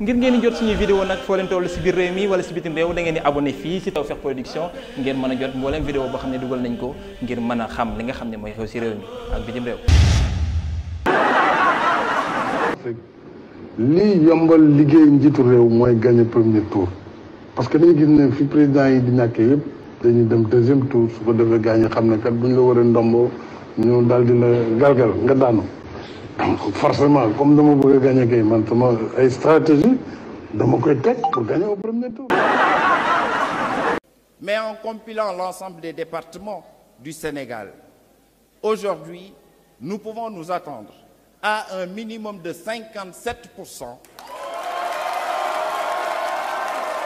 ngir ngeen di jot suñuy vidéo nag foo leen toll si biir réew mi wala si bitim réew da ngeen di abonné fii si Tawfekh Production ngeen mën a jot mbooleem vidéo boo xam ne dugal nañ ko ngir mën a xam li nga xam ne mooy xew si réew mi ak bitim réew lii yombal liggéey njiitu réew mooy gagné premier tour parce que dañu gis ne fi président yi di ñàkkee yëpp dañuy dem deuxième tour su ko defee gaañ xam na kat bu ñu la war a ndombo ñu daal di la galgal nga daanu donc forcément comme dama bëgg dama ay Mais en compilant l'ensemble des départements du Sénégal, aujourd'hui, nous pouvons un minimum de 57%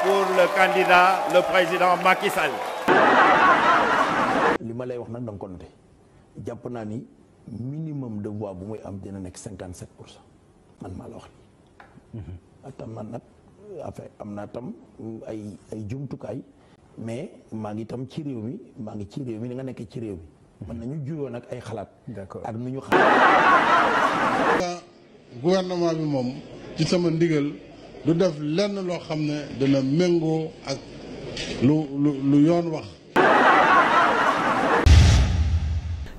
pour le candidat le président Macky ma lay wax nag danga ko naa ni. minimum de voix bu muy am dina nekk cinquante sept pour cent man maa la wax nii. Mhm. atam man nag affaire am naa tam ay ay jumtukaay. mais maa ngi tam ci réew mi maa ngi ci réew mi ni nga nekk ci réew mi. mën mhm. nañu juróo nag ay xalaat. d'accord ak nu ñu xalaat. Euh, gouvernement bi moom ci sama ndigal du def lenn loo xam ne dana méngoo ak lu lu lu yoon wax.